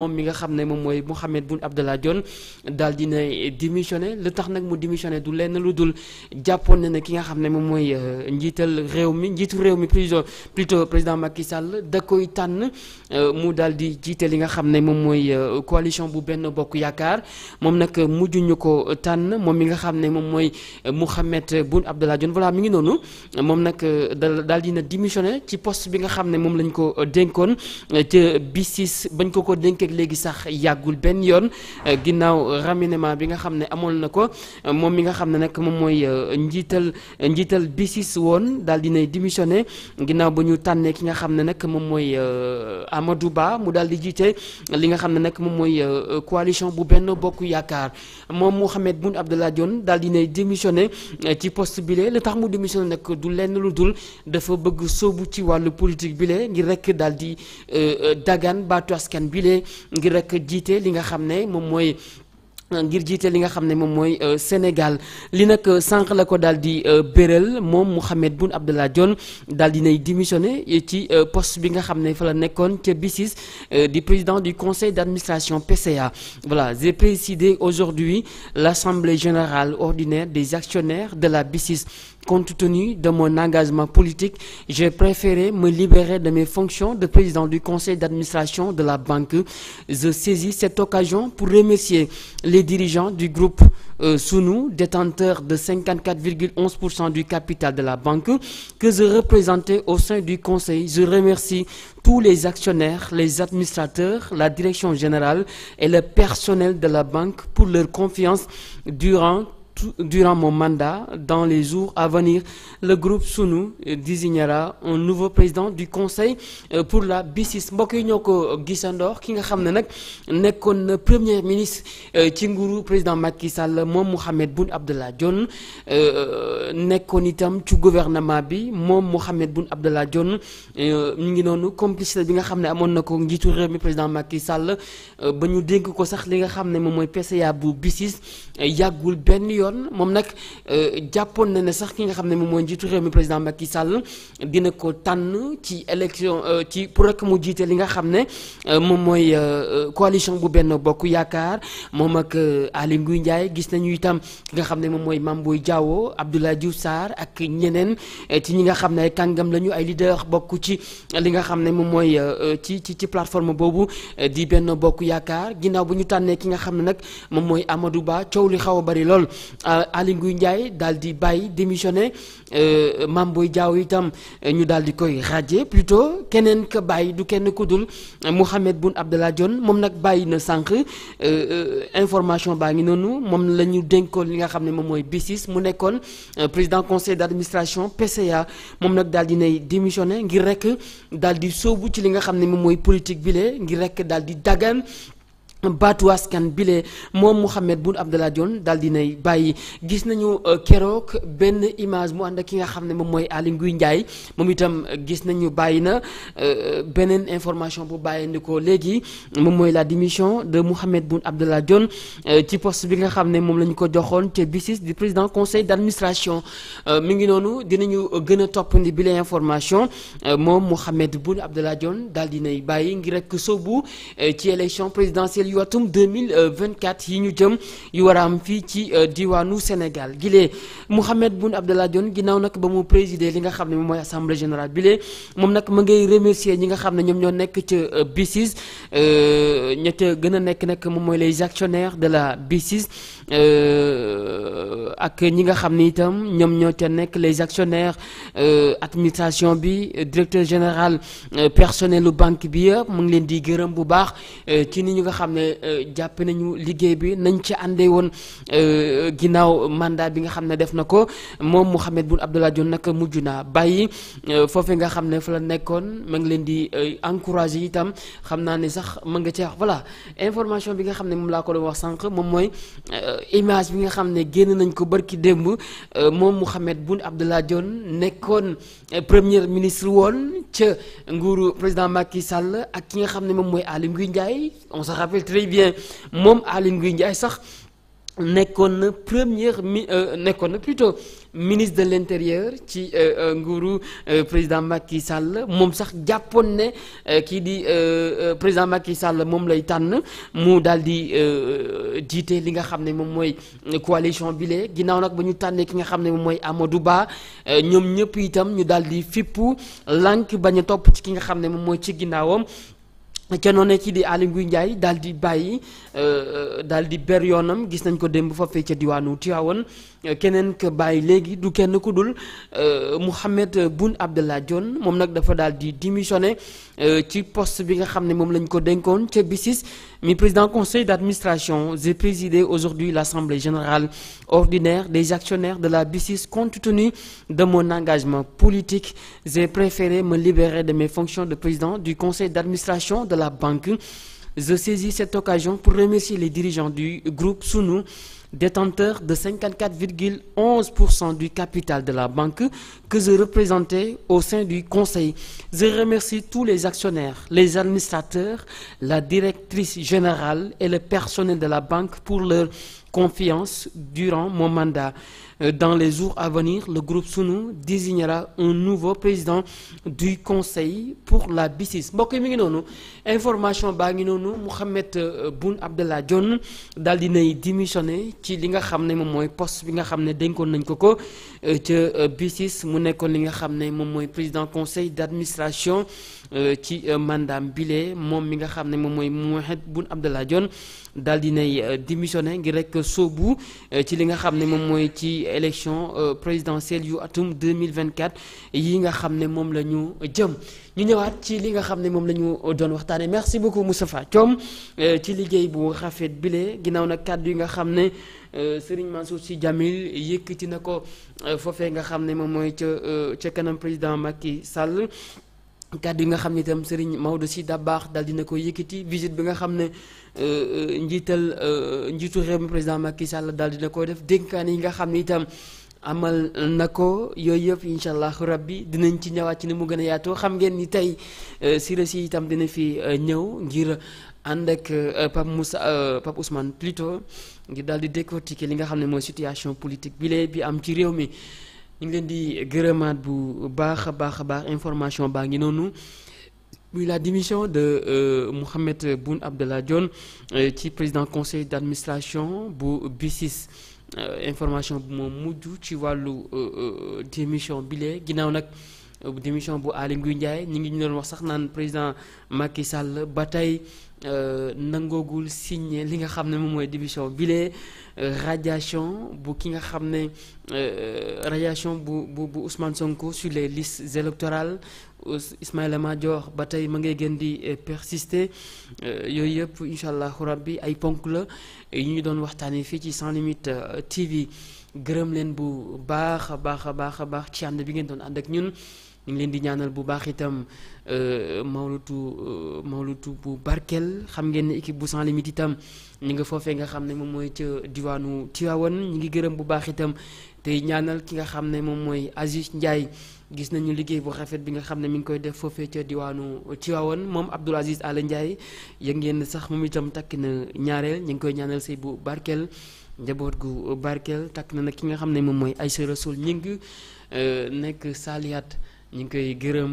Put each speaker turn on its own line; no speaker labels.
moom mi nga xam ne moom mooy Mouhamed Boun Abdallah Dionne daal dina démissionné lu tax nag mu démissionné du lenn lu dul jàppoon na ki nga xam ne moom mooy euh, njiital réew mi njiitu réew mi plutôt plutôt président Macky Sall da koy tànn euh, mu daal di jiite li nga xam ne moom mooy euh, coalition bu benn bokk yaakaar moom nag mujj ko tànn moom mi nga xam ne moom mooy Mouhamed Boun Abdallah Dionne voilà mi ngi noonu moom nag da daal dina démissionné ci post bi nga xam ne moom lañ ko dénkoon ca BICIS bañ ko ko dénkee léegi sax yàggul benn yoon euh, ginnaaw remaniement bi nga xam ne amoon na ko euh, moom mi nga xam ne nag moom mooy euh, njiital njiital BICIS woon daal dinay démissionné ginnaaw ba ñu tànnee ki nga xam ne nag moom mooy Amadou Ba mu daal di jiite li nga xam ne nag moom mooy coalition bu benn bokk yaakaar moom Mouhamed Boun Abdallah Dionne daal dinay démissionné ci poste bile la tax mu démissionné nag du lenn lu dul dafa bëgg soobu ci wàllu politique bile ngir rek daal di dagaan baatu askan bile ngi rekk a jiite li nga xam ne moom mooy ngir jiite li nga xam ne moom mooy euh, Sénégal li nag euh, sànq la ko daal di euh, béral moom Mouhamed Boun Abdallah Dionne daal di nay dimissionné ci poste bi nga xam ne fa la nekkoon ca BICIS di président du conseil d' administration PCA voilà j'ai présidé aujourd'hui l'assemblée générale ordinaire des actionnaires de la BICIS compte tenu de mon engagement politique j'ai préféré me libérer de mes fonctions de président du conseil d' administration de la banque je les dirigeants du groupe euh, Sunu, détenteur de 54,11% du capital de la banque, que je au du conseil. Je remercie les actionnaires, les administrateurs, la direction générale et le personnel de la banque pour leur confiance durant durant mon mandat, dans les jours à venir, le groupe Sunu désignera un nouveau président du conseil euh, pour la BICIS mbokk yi ñoo ko gisa ndox ki nga xam ne nag nekkoon na premier ministre euh, ci nguuru président Macky Sall moom Mohamed Boun Abdallah Dionne euh, nekkoon itam ci gouvernement bi moom Mohamed Boun Abdallah Dionne mu ngi noonu complicité bi nga xam ne amoon na ko njiitu réew mi président Macky Sall ba ñu dénk ko sax li nga xam ne moom mooy PCA bu yoon moom nag euh, jàppoon na ne sax ki nga xam ne moom mooy njiitu mi président Macky Sall dina ko tànn ci élection euh, ci pour mu jiite li nga xam ne euh, moom mooy coalition bu benn bokk yaakaar moom ak Aly Ngouille njaay gis nañu itam ki nga xam ne moom mooy Mame Boye Diao Abdoulaye Diouf Sarr ak ñeneen ci ñi nga xam ne ay kàngam lañu ay leader bokk ci li nga xam ne moom mooy ci ci ci plateforme boobu di benn bokk yaakaar ginnaaw bu ñu tànnee ki nga xam ne nag moom mooy Amadou Ba coow li xaw a bari lool Euh, Aly Ngouille Ndiaye daal di bàyyi démissionné euh, Mame Boye Diao itam euh, ñu daal di koy radier plutôt keneen ka bàyyi du kenn ku dul Mouhamed Boun Abdallah Dionne moom nag bàyyi na sànq information baa ngi noonu moom la ñu dénkoon li nga xam ne moom mooy BICIS mu nekkoon président conseil d'administration PCA moom nag daal di nay démissionné ngir rek daal di sóobu ci li nga xam ne moom mooy politique bile ngir rek daal di dagan baatu askan bile moom Mouhamed Boun Abdallah Dionne daal dinay bàyyi gis nañu euh, keroog benn image mu ànd ak ki nga xam ne moom mooy Aly Ngouille Ndiaye moom itam gis nañu bàyyi na euh, beneen information bu bàyyandi ko léegi moom mooy la dimission de Mouhamed Boun Abdallah Dionne euh, ci poste bi nga xam ne moom la ñu ko joxoon te BICIS di président conseil d'administration mu ngi noonu dinañu gën a toppandi bile information moom Mouhamed Boun Abdallah Dionne daal dinay bàyyi ci watum 2024 yi ñu jëm yi war a am fii ci euh, diwaanu Sénégal gilee Mouhamed Boun Abdallah Dionne ginnaaw nag ba mu présider li nga xam ne moom mooy assemblée général bilee moom nag mu ngay remercier ñi nga xam ne ñoom ñoo nekk ca BICIS ña ca gën a nekk nag moom mooy les actionnaires de la BICIS ak ñi nga xam ne itam ñoom ñoo ca nekk les actionnaires euh, administration bi directeur général euh, personnel lu banque bi yëpp mu ngi leen di gërëm bu baax euh, ci ni ñu nga xam ne jàppe nañu liggéey bi nañ ci àndee woon ginnaaw mandat bi nga xam ne def na ko moom Mouhamed Boun Abdallah Dionne nag mujj naa bàyyi foofee nga xam ne fa la nekkoon ma ngi leen di encourager itam xam naa ne sax ma nga ci wax voilà information bi nga xam ne moom laa ko doon wax sànq moom mooy ki démb euh, moom Mouhamed Boun Abdallah Dionne nekkoon euh, premier ministre woon ca nguuru président Macky Sall ak ki nga xam ne moom mooy Aly Ngouille Ndiaye on se rappelle très bien moom Aly Ngouille Ndiaye sax nekkoon na première mi euh, nekkoon na plutôt ministre de l'intérieur ci euh, euh, nguuru président Macky Sall moom sax jàppoon ne kii di président Macky Sall moom lay tànn mu daal di jiite li nga xam ne moom mooy coalition bile ginnaaw nag ba ñu tànnee ki nga xam ne moom mooy du baa ñoom ñëpp itam ñu daal di fippu lank bañ topp ci ki nga xam ne moom mooy ci ginnaawam. ca noonu ci di Aly guy Ndiaye daal di bàyyi euh, euh, dal di ber yoonam gis nañ ko fa foofee ca diwaanu Tivaouane euh, keneen ka bàyyi léegi du kenn ku dul Mouhamed Boun Abdallah Dionne moom nag dafa daal di démissionné ci poste bi nga xam ne moom lañ ko denkoon ca BICIS mi président conseil d'administration j'ai présidé aujourd'hui l'assemblée générale ordinaire des actionnaires de la BICIS compte tenu de mon engagement politique j'ai préféré ma libérer de mes fonctions de président du conseil d'administration de la banque. Je saisis pour remercier les dirigeants du groupe Sunu, détenteur de 54,11% du capital de la banque que je représentais au sein du conseil. les actionnaires, les administrateurs, la directrice générale et le personnel de la banque pour leur confiance durant mon mandat. Euh, dans les jours à venir, le groupe Sunu désignera un nouveau président du conseil pour la BICIS mbokk yi mi ngi noonu information baa ngi noonu Mouhamed euh, Boun Abdallah Dionne daal di nay démissionné ci li nga xam ne moom mooy post bi nga xam ne dénkoon nañ ko ko. Euh, ca euh, BICIS mu nekkoon li nga xam ne moom mooy président conseil d'administration euh, ci mandaam bile moom mi nga xam ne moom mooy Mohamed Boun Abdallah Dionne daal di nay démissionné ngi rek soobu ci li nga xam ne moom mooy ci élection présidentielle yu atum 2024 yi nga xam ne moom la ñu jëm ñu ñëwaat ci li nga xam ne moom la ñu doon waxtaanee merci beaucoup Moustapha Thiom euh, ci liggéey bu rafet bile ginnaaw nag kàddu yi nga xam ne euh, Serigne Mansour Sy Djamil yëkkati na ko euh, foofee nga xam ne moom mooy ca kanam président Macky Sall. kàddu yi nga xam ne itam Serigne Maodo Sy Dabakh daal dina ko yëkkati visite bi nga xam ne njiital njiitu réew mi président Macky Sall daal dina ko def dénkaan yi nga xam ne itam. amal na ko yooyu yëpp incha allahu rabbi dinañ ci ñëwaat ci ni mu gën a yaatoo xam ngeen ni tey Sira euh, si itam dina fi euh, ñëw ngir ànd ak euh, Pape musa Pape Ousmane pluto ngir daal di décortiquer li nga xam ne mooy situation politique bi lee bi am ci réew mi ñu ngi leen di gërëmaat bu baax a baax a baax information baa ngi noonu muy la démission de euh, Mohamed Boun Abdallah Dionne euh, ci président conseil d'administration bu bisis Euh, information bu moom mujj ci wàllu euh, euh, démission bile ginnaaw nag démission bu Aly Ngouille Ndiaye ñu ngi ñu doon wax sax naan président Macky Sall ba tey Euh, nangoogul signé li nga xam ne moom mooy division bile euh, radiation bu ki nga xam ne euh, radiation bu bu bu usman Sonko sur les listes électorales Ismaïla Madior ba tey ma ngay gën di persister yooyu yëpp incha allahu rabbi ay ponk la yu ñu doon waxtaanee fii ci sans limite TV gërëm leen bu baax a baax a baax a baax ci ànd bi ngeen doon ànd ak ñun. ñu ngi leen di ñaanal bu baax itam euh, mawlutu euh, mawlutu bu barkel xam ngeen ne équipe bu sans limite itam ñu nga foofee nga xam ne moom mooy ca diwaanu Tivaouane ñu ngi gërëm bu baax itam tey ñaanal ki nga xam ne moom mooy Aziz Ndiaye gis nañu liggéey bu rafet bi nga xam ne mi ngi koy def foofee ca diwaanu Tivaouane moom Abdoul Aziz Alla Ndiaye yëg ngeen sax moom itam takk na ñaareel ñu ngi koy ñaanal sëy bu barkel njaboot gu barkel takk na nag ki nga xam ne moom mooy ay Aïssa Rasoul ñing euh, nekk saaliyaat ñu ngi koy gërëm